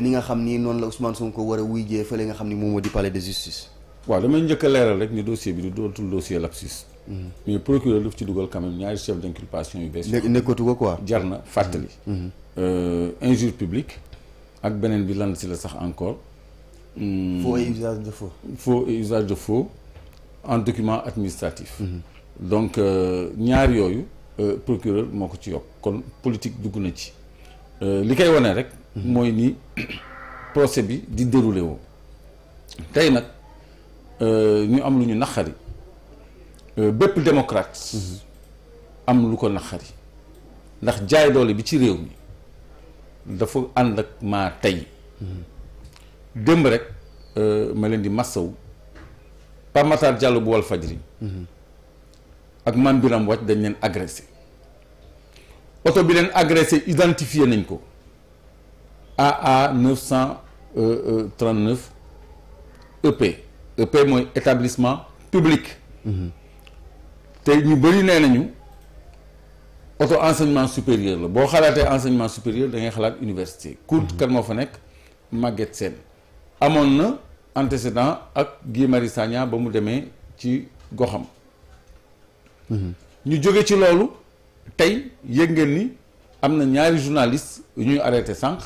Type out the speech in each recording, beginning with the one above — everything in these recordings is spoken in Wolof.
ni nga xam ni noonu la Ousmane Sonko war a wuy jee fële nga xam ni moom moo di palais de justice. waaw damay njëkk a leeral rek ni dossier bi du dootul dossier lapsus. Mm-hmm. mais procureur daf ci dugal quand ñaari chef d' inculpation yu bees. nekkatu ko quoi. jar na fàttali. Mm-hmm. Mm-hmm. Euh, injure publique ak beneen bi lan si la sax encore. Hmm. faux et usage a faux. faux et usage de faux en document administratif. donc euh, ñaar yooyu euh, procureur moo ko ci yokk kon politique dugg na ci. li koy wane rek. mooy ni procès bi di déroulé woo tey nag euh, ñu am lu ñu naqari euh, bépp démocrate am lu ko naqari ndax jaay doole bi ci réew mi dafa ànd ak ma tey démb rek euh, ma leen di massaw Pape Matar Diallo bu Walfadjri ak Mame Birame Wathie dañ leen agressé oto bi leen agressé identifié nañ ko a trent 939 ëpp EP mooy établissement public. te ñu bëri nee nañu auto enseignement supérieur la boo xalaatee enseignement supérieur dangay ngay xalaat université. cour mhm. kan moo fa nekk Maguette Sène amoon na antécédent ak Guy Marius ba mu demee ci goxam. Mhm. ñu jóge ci loolu tey yëg ngeen ni. am na ñaari journaliste yu ñuy arrêté sànq.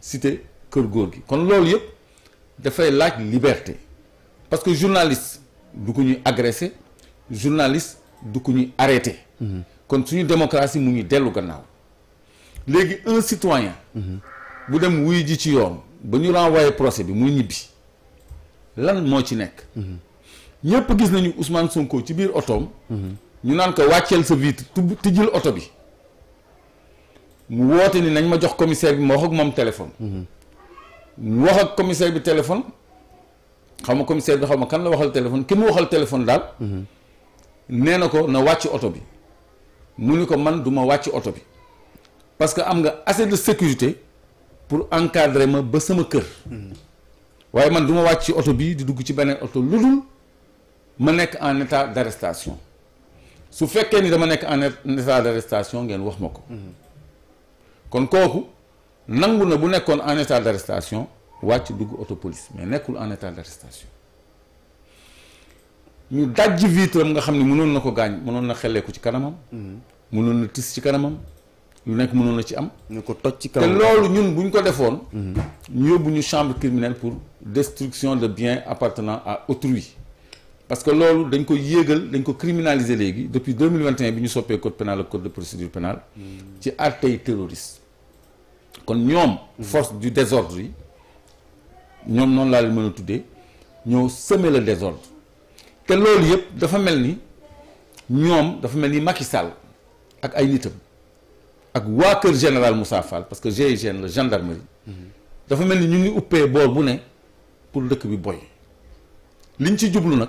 cité kër góor gi kon loolu yëpp dafay laaj liberté parce que journaliste du ko ñuy agressé journaliste du ko ñuy arrêté. kon suñu démocratie mu ngi dellu gannaaw léegi un citoyen. bu dem wuy ji ci yoon ba ñu renvoyé procès bi muy ñibbi lan moo ci nekk. ñëpp gis nañu Ousmane Sonko ci biir otoom. ñu naan ko wàcceel sa vitre tijjil oto bi. mu woote ni nañ ma jox commissaire bi ma wax ak moom téléphone. mu wax ak commissaire bi téléphone xaw ma commissaire bi xaw ma kan la waxal téléphone ki mu waxal téléphone daal. nee na ko na wàcc oto bi mu ni ko man du ma wàcc oto bi parce que am nga assez de sécurité pour encadrer ma ba sama kër. waaye man du ma wàcc ci oto bii di dugg ci beneen oto lu dul ma nekk en état d' arrestation su fekkee ni dama nekk en état d' ngeen wax ma ko. kon kooku nangu na bu nekkoon en état d'arrestation wàcc dugg autopolice mais nekkul en état d'arrestation ñu dajji vitre am nga xam ne mënoon na ko gaañ mënoon na xelleeku ci kanamam. Mhm. mënoon na tis ci kanamam. lu nekk mënoon na ci am. ñu ko toj ci kanam te loolu ñun bu ñu ko defoon. Mhm. ñu yóbbu ñu chambre criminelle pour destruction de biens appartenant a autrui. parce que loolu dañ ko yéegal dañ ko criminaliser léegi depuis 2021 bi ñu soppee code pénal ak code de procédure pénale. Mhm. ci àttey terroriste. kon ñoom force du désordre yi ñoom noonu laa leen mën a tuddee ñoo semer le désordre te loolu yëpp dafa mel ni ñoom dafa mel ni Macky Sall ak ay nitam ak waa kër général Moussa Fall parce que GIGN la gendarmerie dafa mel ni ñu ngi uppee boor bu ne pour dëkk bi boy liñ ci jublu nag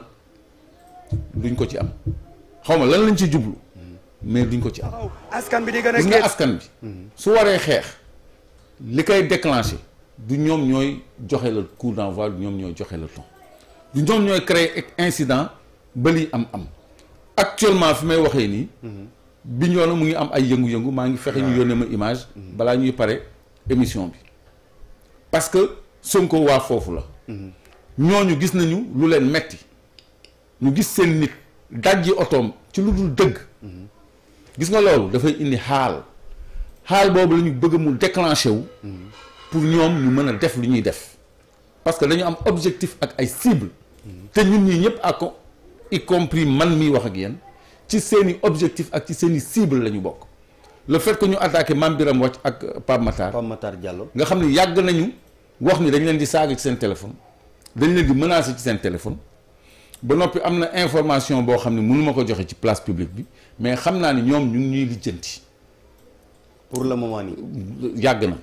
duñ ko ci am xaw ma lan lañ ci jublu mais duñ ko ci am. askan bi di gën a gis nga askan bi. Mm-hmm. su waree xeex. li koy déclenché du ñoom ñooy joxe la coup d'envoi du ñoom ñooy joxe la ton du ñoom ñooy créer incident ba lii am am actuellement fi may waxee nii mhm. bi ñoo na mu ngi am ay yëngu-yëngu maa ngi fexe ñu yónnee ma image balaa ñuy pare émission bi parce que Sonko waa foofu la mhm. ñooñu gis nañu lu leen metti ñu gis seen nit dàjji otoom ci lu dul dëgg mhm. gis nga loolu dafay indi xaal xaal boobu la ñu bëgg mu déclenché wu pour ñoom ñu mën a def lu ñuy def parce que dañu am objectif ak ay cible te ñun ñii ñëpp ak y compris man miy wax ak yéen ci seeni objectif ak ci seeni cible la ñu bokk le fait que ñu attaqué Mame Birame Wathie ak Pape Matar nga xam ne yàgg nañu wax ni dañ leen di saaga ci seen téléphone dañ leen di menacé ci seen téléphone ba noppi am na information boo xam ne mënu ma ko joxe ci place publique bi mais xam naa ni ñoom ñu ngi ñuy lijjanti pour le moment nii. yàgg na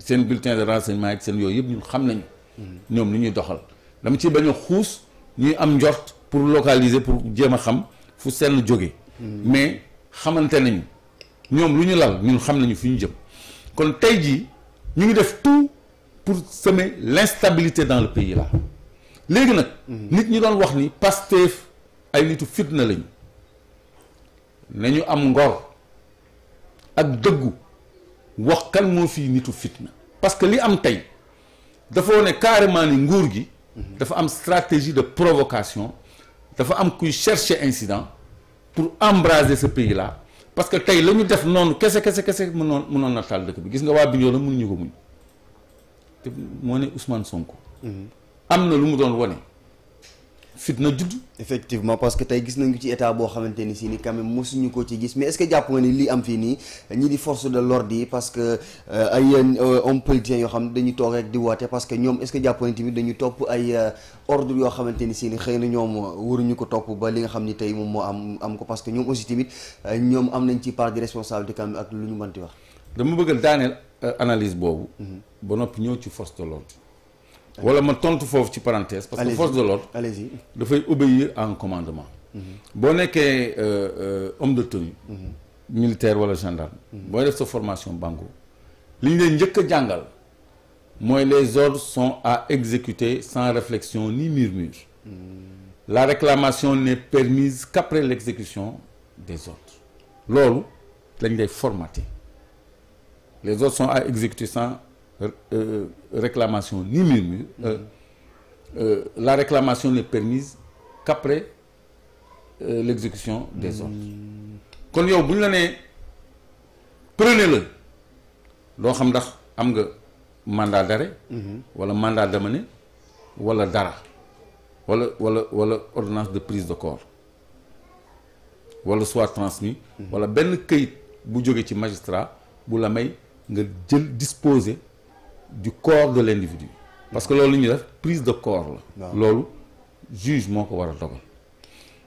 seen bulletin de renseignement ak seen yooyu yëpp ñun xam nañu. Mm-hmm. ñoom lu ñuy doxal dama ci bañ a xuus ñuy am njort pour localiser pour jéem a xam fu seen jóge mm-hmm. mais xamante nañu ñoom lu ñu lal ñun xam nañu fu ñu jëm kon tey jii ñu ngi def tout pour semer l'instabilité dans le pays la léegi nag. Mm-hmm. nit ñi doon wax ni Pastef ay nitu fitna lañu nañu am ngor. ak dëggu wax kan moo fii nitu fitna parce que li am tey dafa wane carrément ni nguur gi dafa am stratégie de provocation dafa am kuy chercher incident pour embraser ce pays là parce que tey la ñu def noonu kese kese kese mënoon mënoon na taal dëkk bi gis nga waa Bignona mënuñu ko muñ te moo ne usman Sonko mhm. am na lu mu doon wone fitna judd. effectivement parce que tey gis nañu ci état boo xamante ni si ni quand même mosuñu ko ci gis mais est jàpp nga ni lii am fii nii ñi di force de l'ordre yi parce que euh, ay euh, hommes politiciens yoo xam ne dañuy toog di woote parce que ñoom est-ce que jàpp nga tamit dañu topp ay euh, ordre yoo xamante ni si ni xëy na ñoom waruñu ko topp ba li nga xam ni tey moom moo am am ko parce que ñoom aussi tamit ñoom am nañ ci part de responsabilité quand même ak lu ñu mënti wax. dama bëgg daaneel analyse boobu. Mhm. ba noppi ñëw ci force de l'ordre wala ma tontu foofu ci parenthèse parce que force de l'ordre dafay obéir à un commandement mhm. boo nekkee euh, euh, homme de tenue mhm. militaire wala gendarme mhm. booy def sa formation bango li ñu leen njëkk a jàngal mooy les ordres sont à exécuter sans réflexion ni murmure la réclamation n'est permise qu'après l'exécution des ordres loolu lañ lay formater les ordres sont à exécuter sans Euh, euh, réclamation ni murmure. Euh, mm-hmm. la réclamation n'est permise qu'après l'exécution des mm-hmm. ordres. kon yow bu ñu la nee prenez-le doo xam ndax am nga mandat d'arrêt. Mm-hmm. wala mandat demane wala dara. wala walla wala ordonnance de prise de corps wala soit transmis wala benn kayit bu jóge ci magistrat bu la may nga jël disposer. du corps de l' individu parce que loolu lu ñu def prise de corps la loolu juge moo ko war a dogal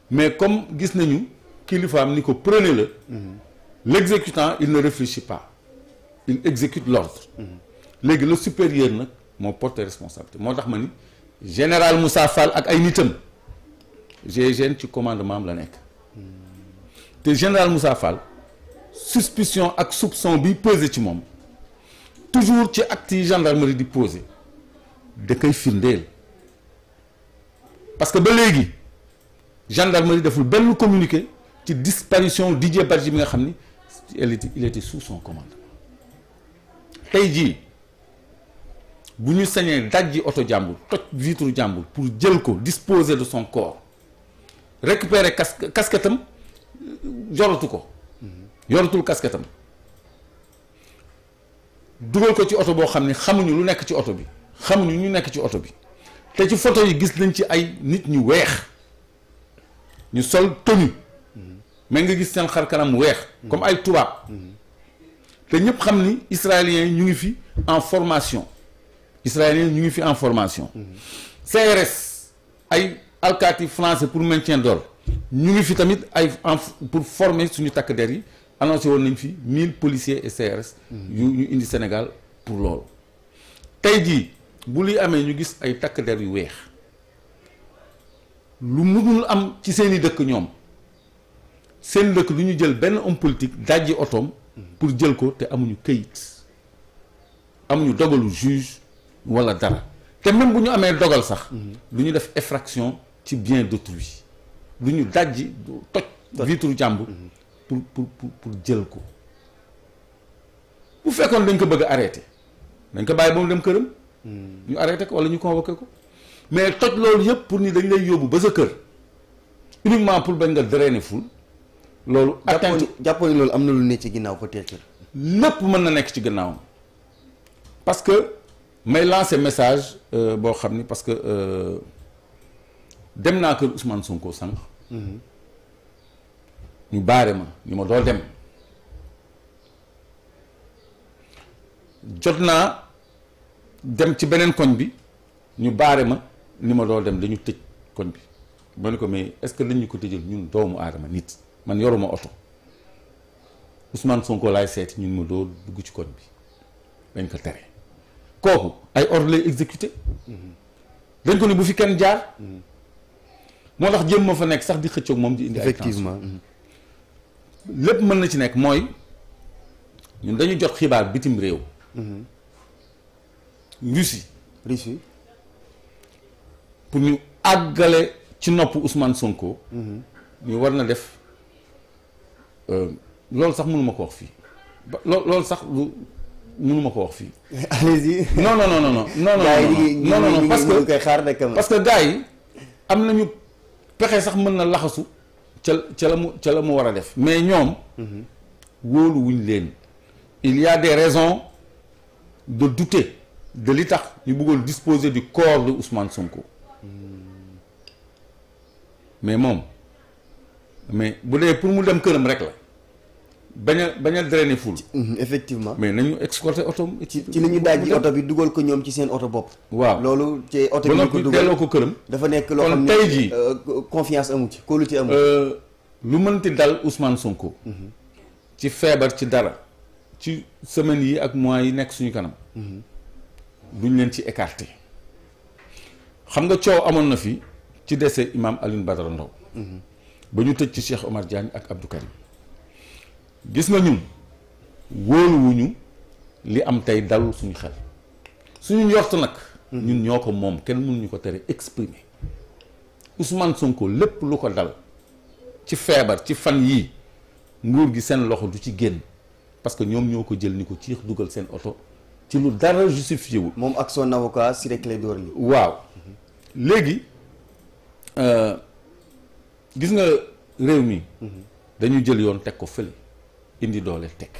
mais comme gis nañu kilifaam ni ko prenez la mhm. l' exécutant il ne réfléchit pas il exécute l'ordre mhm. léegi le supérieur nag moo porte responsabilité moo tax ma ni général Moussa Fall ak ay nitam GIGN ci commandement am la nekk mhm. te général Moussa Fall suspicion ak soupçon bi pesé ci moom toujours ci act yi gendarmerie di posé da koy firndeel parce que ba léegi gendarmerie deful benn communiqué ci disparition Didier Badji bi nga xam ni il était sous tey jii bu ñu sañee dajji oto jàmbur toj vitre jàmbur pour jël ko disposer de son corps récupérer casque casquette am joratu euh, ko mhm. yoratul casquette dugal ko ci oto boo xam ne xamuñu lu nekk ci oto bi xamuñu ñu nekk ci oto bi te ci photo yi gis nañ ci ay nit ñu weex ñu sol tenue mais nga gis seen xar kanam weex comme ay tubaab te ñëpp xam ni israéliens ñu ngi fi en formation israéliens ñu ngi fi en formation CRS ay alkaati français pour maintien d'ordre ñu ngi fi tamit ay en pour former suñu takk der yi annoncé woon nañ fi mille policiers et CRS. Mhm. yu ñu indi Sénégal pour loolu. tey jii bu luy amee ñu gis ay takk der yu weex lu mënul am ci seen i dëkk ñoom seen dëkk du ñu jël benn homme politique dajji otoom. Mhm. pour jël ko te amuñu këyit amuñu dogalu juge wala dara te même bu ñu amee dogal sax. Mhm. du ñu def effraction ci bien d'autrui du ñu dajji toj. vitre jàmbur. pour pour pour jël ko bu fekkoon dañ ko bëgg a arrêté dañ ko bàyyi ba mu dem këram. Hmm. ñu arrêté ko wala ñu convoqué ko mais toj loolu yëpp pour nii dañ lay yóbbu ba sa kër uniquement pour bañ nga drainer ful. loolu atteinte jàppoon loolu am na lu ne ci ginnaaw peut-être. lépp mën na nekk ci ginnaawam parce que may lancer message euh, boo xam ni parce que euh, dem naa kër Ousmane Sonko sànq. Hmm. ñu baare ma ñu ma doo dem jot naa dem ci beneen koñ bi ñu baare ma ni ma doo dem dañu tëj koñ bi ma ne ko mais est-ce que lañ ñu ko tëjal ñun doomu aadama nit man yoruma oto Ousmane Sonko laay seeti ñun ma doo dugg ci koñ bi dañ ko tere kooku ay ordre lay exécuté mm-hmm. dañ ko ni bu fi kenn jaar mm-hmm. moo tax jéem ma fa nekk sax di xëccoog moom di indi ay effectivement lépp mën na ci nekk mooy ñun dañu jot xibaar bitim réew. Mhm. Russie. Russie pour ñu àggale ci noppu Ousmane Sonko. Mhm. ñu war na def euh, loolu sax mënuma ko wax fii ba loolu sax lu mënuma ko wax fii. allez-y. non non non que parce que yi am nañu pexe sax mën na laxasu. ca ca la mu ca la mu war a def mais ñoom wóolu wuñ leen il y a des raisons de douter de li tax ñu bëggoon disposer du corps de Ousmane Sonko mais moom mais bu dee pour mu dem këram rek la bañ a bañ a drainer foule. Mhm, effectivement mais nañu escorter oto ci ci li ñu daaj oto bi dugal ko ñoom ci seen oto bopp. waaw loolu ci oto bi ñu ko dugal delloo ko këram. dafa nekk loo xam ne kon tey jii euh, confiance amu ci kóolute amu ci. Euh, lu mënti dal Ousmane Sonko. Mhm. ci feebar ci dara. ci semaines yi ak mois yi nekk suñu kanam. Mhm. duñ leen ci écarter. xam nga coow amoon na fi ci décès imam Alioune Badara Ndao ba ñu tëj ci Cheikh Omar Diagne ak Abdou Karim. gis nga ñun wóoluwuñu li am tey dal suñu xel suñu njort nag. ñun ñoo ko moom kenn mënuñu ko tere exprimer Ousmane Sonko lépp lu ko dal ci feebar ci fan yi nguur gi seen loxo du ci génn parce que ñoom ñoo ko jël ni ko ci dugal seen oto ci lu dara justifié wul. moom ak son avocat Ciré Clédor Ly waaw léegi euh, gis nga réew mi. Mhm. dañu jël yoon teg ko fële. indi doole teg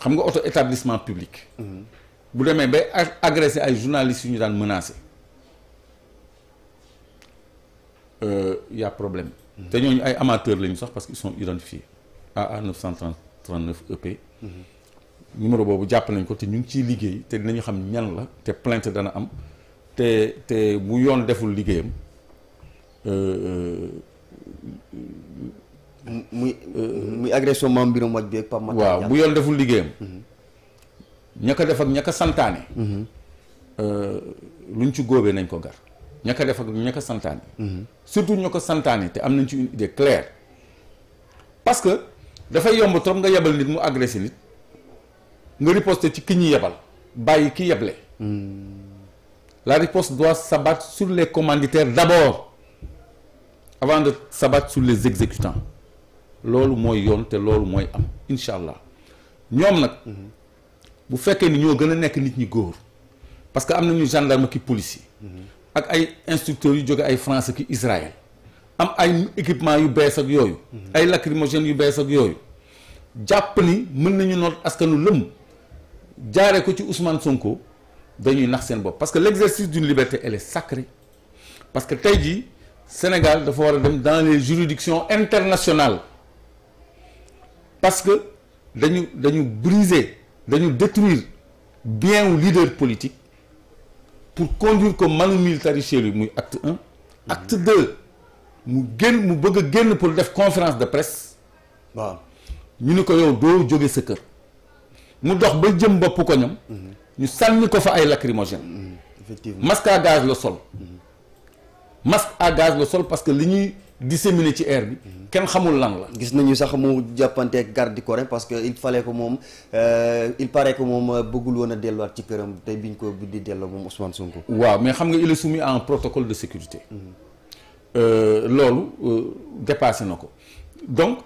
xam nga oto établissement public. Mhm. bu demee bay agressé ay journalistes yu ñu daan menacé euh, y' a problème. Mhm. te ñooñu ay amateurs lañu sax parce que qu'ils sont identifiés AA 939 EP. numéro boobu jàpp nañ ko te ñu ngi ciy liggéey te dinañu xam ñan la te plainte dana am te te bu yoon deful liggéeyam. Euh, euh, muy muy agression maam mbiram waj bi ak waaw bu yoon deful liggéeyam mhm. ña def ak ña ko santaane mhm. euh, ñu ci góobee nañ ko gar ña ko def ak ña santaane mhm. surtout ña ko santaane te am nañ ci une idée claire parce que dafay yomb trop nga yebal nit mu agressé nit nga riposte ci ki ñu yebal bàyyi ki yeble la riposte doit s'abattre sur les commanditaires d'abord avant de s'abattre sur les exécutants loolu mooy yoon te loolu mooy am incha allah ñoom nag bu fekkee ni ñoo gën a nekk nit ñi góor parce que am nañu gendarme ki police yi ak ay instructeurs yu jóge ay France ki Israël am ay équipement yu bees ak yooyu ay lacrymogènes yu bees ak yooyu jàpp ni mën nañu noot askanu lëm jaaree ko ci Ousmane Sonko dañuy nax seen bopp parce que l'exercice d'une liberté elle est sacrée parce que tey jii Sénégal dafa war a dem dans les juridictions internationales parce que dañu dañu briser dañu détruire bien wu leader politique pour conduire comme manu militarisé lui muy acte un acte mhm. deux mu génn mu bëgg a génn pour def conférence de presse waaw ñu ni ko yow doo jóge sa kër mu dox ba jëm bopp ko ñoom mhm. ñu sànni ko fa ay lacrymogène mhm. effectivement masque à gaz le sol masque à gaz le sol parce que li ñuy di disséminé ci air bi kenn xamul lan la gis nañu sax mu jàppanteeg garde du corps parce que il fallait ko moom il pare que moom euh, euh, bëggul woon a delluwaat ci këram tey biñ ko di delloo moom Ousmane ko waaw mais xam nga il est soumis à un protocole de sécurité mm-hmm. euh, loolu dépassé na ko donc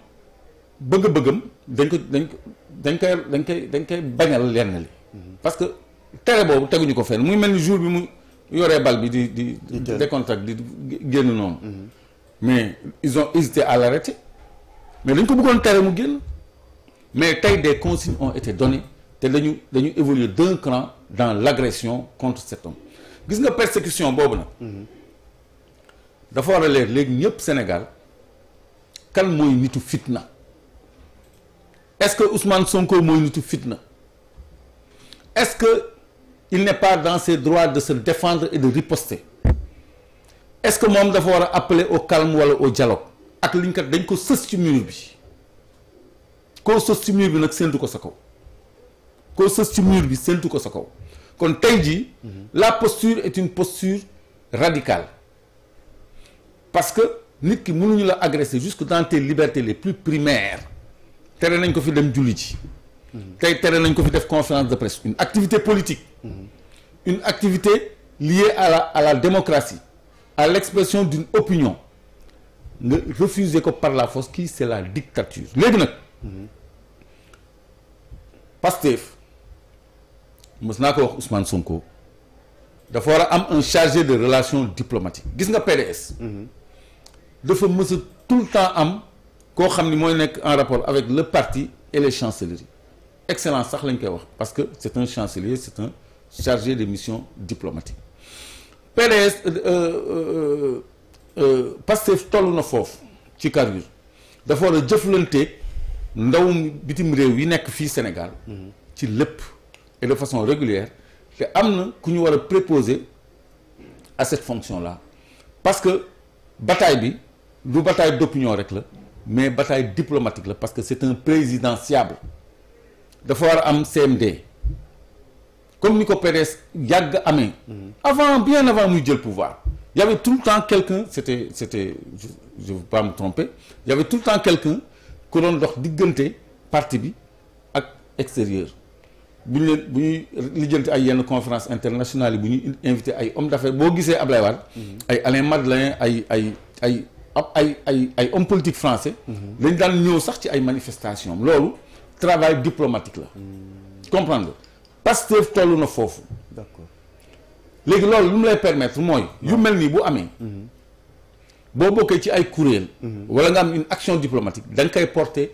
bëgg-bëggam dañ ko dañ ko dañ koy dañ koy dañ koy bañal lenn li mm-hmm. parce que tere boobu teguñu ko fenn muy mel ni jour bi mu yoree bal bi di di décontact di génn noonu mm-hmm. mais ils ont hésité à l'arrêter mais dañ ko bëggoon tere mu génn mais tey des consignes ont été données te dañu dañu évoluer d'un cran dans l'agression contre cet homme gis nga persécution boobu nag dafa war a leer léegi ñëpp Sénégal kan mooy nitu fitna est-ce que Ousmane Sonko mooy nitu fitna est-ce que il n'est pas dans ses droits de se défendre et de riposter est-ce que moom dafa war a appeler au calme wala au dialogue ak liñ kat dañ ko sës ci mur bi koo sës ci mur bi nag séntu ko sa kaw koo sës ci mur bi séntu ko sa kaw kon tey jii mhm. la posture est une posture radicale parce que nit ki mënuñu la agresser jusque dans tes libertés les plus primaires tere nañ ko fi dem julli ji mhm. tey tere nañ ko fi def conférence de presse une activité politique mhm. une activité liée à la à la démocratie à l'expression d'une opinion nga refuser ko par la force kii c'est la dictature léegi nag Pastef mës naa ko wax Ousmane Sonko dafa war a am un chargé de relations diplomatiques gis nga PDS dafa mës a tout le temps am koo xam ni mooy nekk en rapport avec le parti et les chancelleries excellence sax lañ koy wax parce que c'est un chancelier c'est un chargé de mission diplomatique PDS euh, euh, euh, Pastef toll na foofu ci carrière dafa war a jëflante ndaw bitim réew yi nekk fii Sénégal ci lépp et de façon régulière te am na ku ñu war a préposer à cette fonction là parce que bataille bi du bataille d'opinion rek la mais bataille diplomatique la parce que c'est un présidentiable dafa war a am CMD comme ni ko PDS yàgg amee. avant bien avant muy jël pouvoir y avait tout le temps quelqu'un c'était c'était je je veux pas me tromper y avait tout le temps quelqu'un ku doon dox diggante partie bi ak extérieur bu ñu bu ñuy lijjanti ay yenn conférence internationale yi bu ñuy invité ay hommes d'affaires boo gisee Ablaye Wade mhm. ay Alain Madelin ay ay ay ay ay ay hommes politiques français lañ mhm. daan ñëw sax ci ay manifestation loolu travail diplomatique la mhm. Pastef toll na foofu. d'accord léegi loolu permettre mooy. yu nii bu amee. Mhm. boo bokkee ci ay kuréel. Mhm. wala nga am action diplomatique da koy porter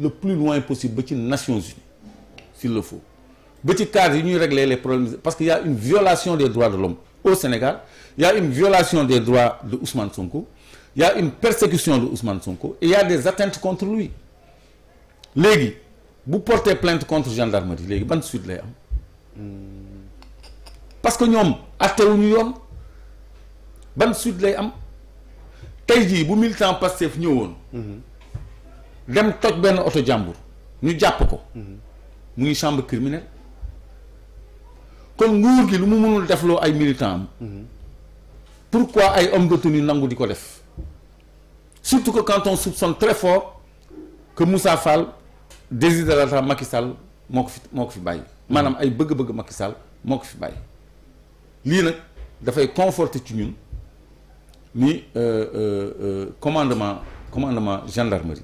le plus loin possible ba ci Nations Unies le faut ba ci yi ñuy régler les problèmes parce que y une violation des droits de l'homme au Sénégal y a une violation des droits de Ousmane Sonko y une persécution de ousman Sonko et des atteintes contre lui léegi. bu porter plainte contre gendarmerie léegi ban suite lay am parce que ñoom attewuñu yoon ban suite lay am tey jii bu militant Pastef ñëwoon dem toj benn oto jàmbur ñu jàpp ko mu ngi chambre criminelle kon nguur gi lu mu mënul defloo ay militant am pourquoi ay homme de nangu di ko def surtout que quand on soupçonne très fort que Moussa Fall désidérata Macky Sall moo ko fi moo ko fi bàyyi maanaam ay bëgg-bëgg Macky Sall moo ko fi bàyyi lii nag dafay conforter ci ñun ni euh, euh, euh, commandement commandement gendarmerie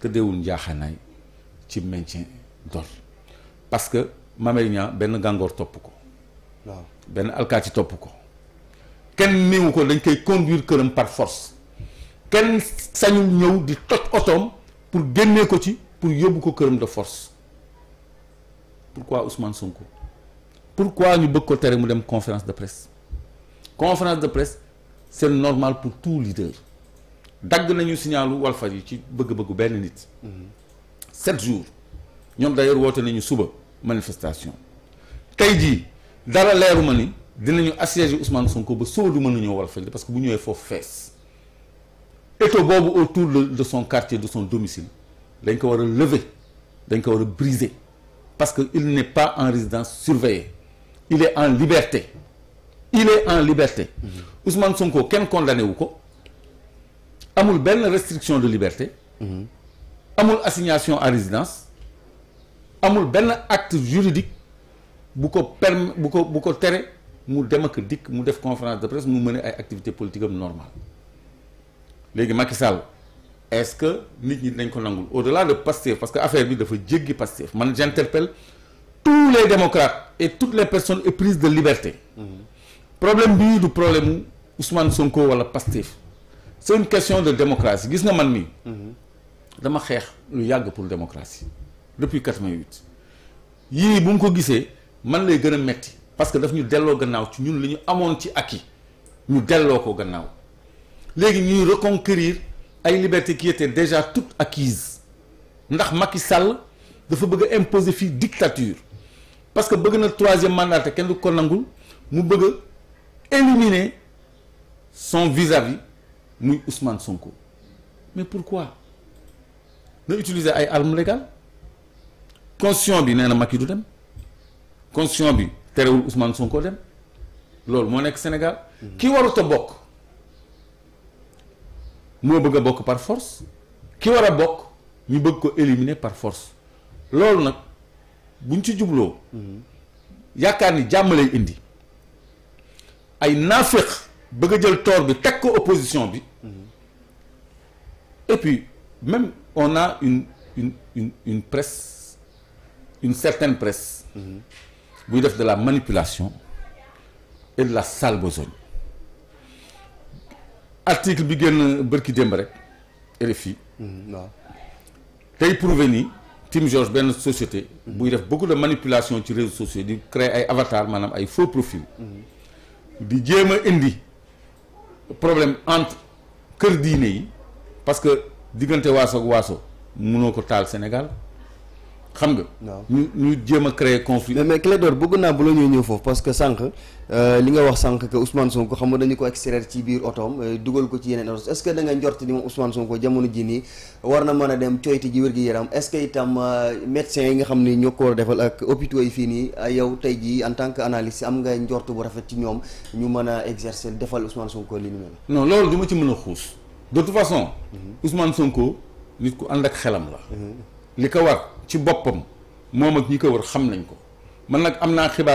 tëddeewul njaaxanaay ci maintien d'ordre parce que Mame benn gàngoor topp ko waaw benn alkaati topp ko kenn néewu ko dañ koy conduire këram par force kenn sañu ñëw di toj otoom pour génnee ko ci pour yóbbu ko këram de force pourquoi Ousmane pour quoi ñu bëgg ko tere mu dem conférence de presse conférence de presse c'est normal pour tout leader dagg nañu signalu Walfadjri yi ci bëgg-bëggu benn nit. sept jours ñoom d'ailleurs woote nañu suba manifestation tey jii dara leeru ma ni dinañu assiéger Ousmane Sonko ba suba du mën a ñëw Walfadjri parce que bu ñëwee foofu fees étau boobu autour de de son quartier de son domicile. dañ ko war a lever dañ ko war a briser parce que il n'est pas en résidence surveillée il est en liberté il est en liberté mm-hmm. Ousmane Sonko kenn condamné wu ko amul benn restriction de liberté mm-hmm. amul assignation à résidence amul benn acte juridique bu ko perm bu ko bu ko tere mu dem ak dikk mu def conférence de presse mu mën ay activité politique am normale léegi Macky Sall est-ce que nit ñi dinañ ko nangul au-delà de Pastef parce que affaire bi dafa jéggi Pastef man j'interpelle tous les démocrates et toutes les personnes éprises de liberté mmh. problème bi du problème mu Ousmane Sonko wala Pastef c'est une question de démocratie gis nga man mii mm-hmm. dama xeex lu yàgg pour démocratie depuis 88 yii bu mu ko gisee man lay gën a metti parce que daf ñu delloo gannaaw ci ñun li ñu amoon ci ak yi ñu delloo ko gannaaw léegi ñuy reconquérir ay liberté qui étaient déjà toutes acquises ndax Macky Sall dafa bëgg a imposer fii dictature parce que bëgg na troisième mandat te kenn du ko mu bëgg a éliminer son vis-à-vis muy Ousmane Sonko mais pourquoi na utiliser ay armes légales constitution bi nee na Macky du dem constitution bi terewul Ousmane Sonko dem loolu moo nekk Sénégal ki warut a bokk moo bëgg a bokk par force ki war a bokk ñu bëgg ko éliminer par force loolu nag buñ ci jubloo yaakaar ni jàmm lay indi ay naaféq bëgg a jël tort bi teg ko opposition bi et puis même on a une une une une presse une certaine presse mm-hmm. buy def de la manipulation et de la sale besogne article bi génn bërki démb rek RFI mm, waaw tey prouvé nii George benn société mm. buy def beaucoup de manipulation ci réseaux sociaux di créer ay avatar maanaam ay faux profil mm. di jéem a indi problème entre kër diine yi parce que diggante waaso ak waaso munoo ko taal Sénégal xam nga. ñu ñu jéem a créer conflit. mais mais Clédor bëgg naa bu sànq euh, li nga wax sànq que xam nga dañu ko extraire ci biir otoom euh, dugal ko ci yeneen oto est ce que da nga ni moom Ousmane Sonko a dem coyti ji wér gi yaram est ce que itam euh, nga xam ni ñoo ko war a defal yi fii nii yow tey jii en tant que analyste am nga njort bu rafet ci ñoom ñu mën a exercer defal Ousmane Sonko li ni mel. non loolu du ma ci mën a xuus de toute façon. Mhm. Ousmane Sonko nit ku ànd ak xelam la. Mhm. li ko war ci boppam moom ak ñi ko wër xam nañu ko man nag am naa xibaar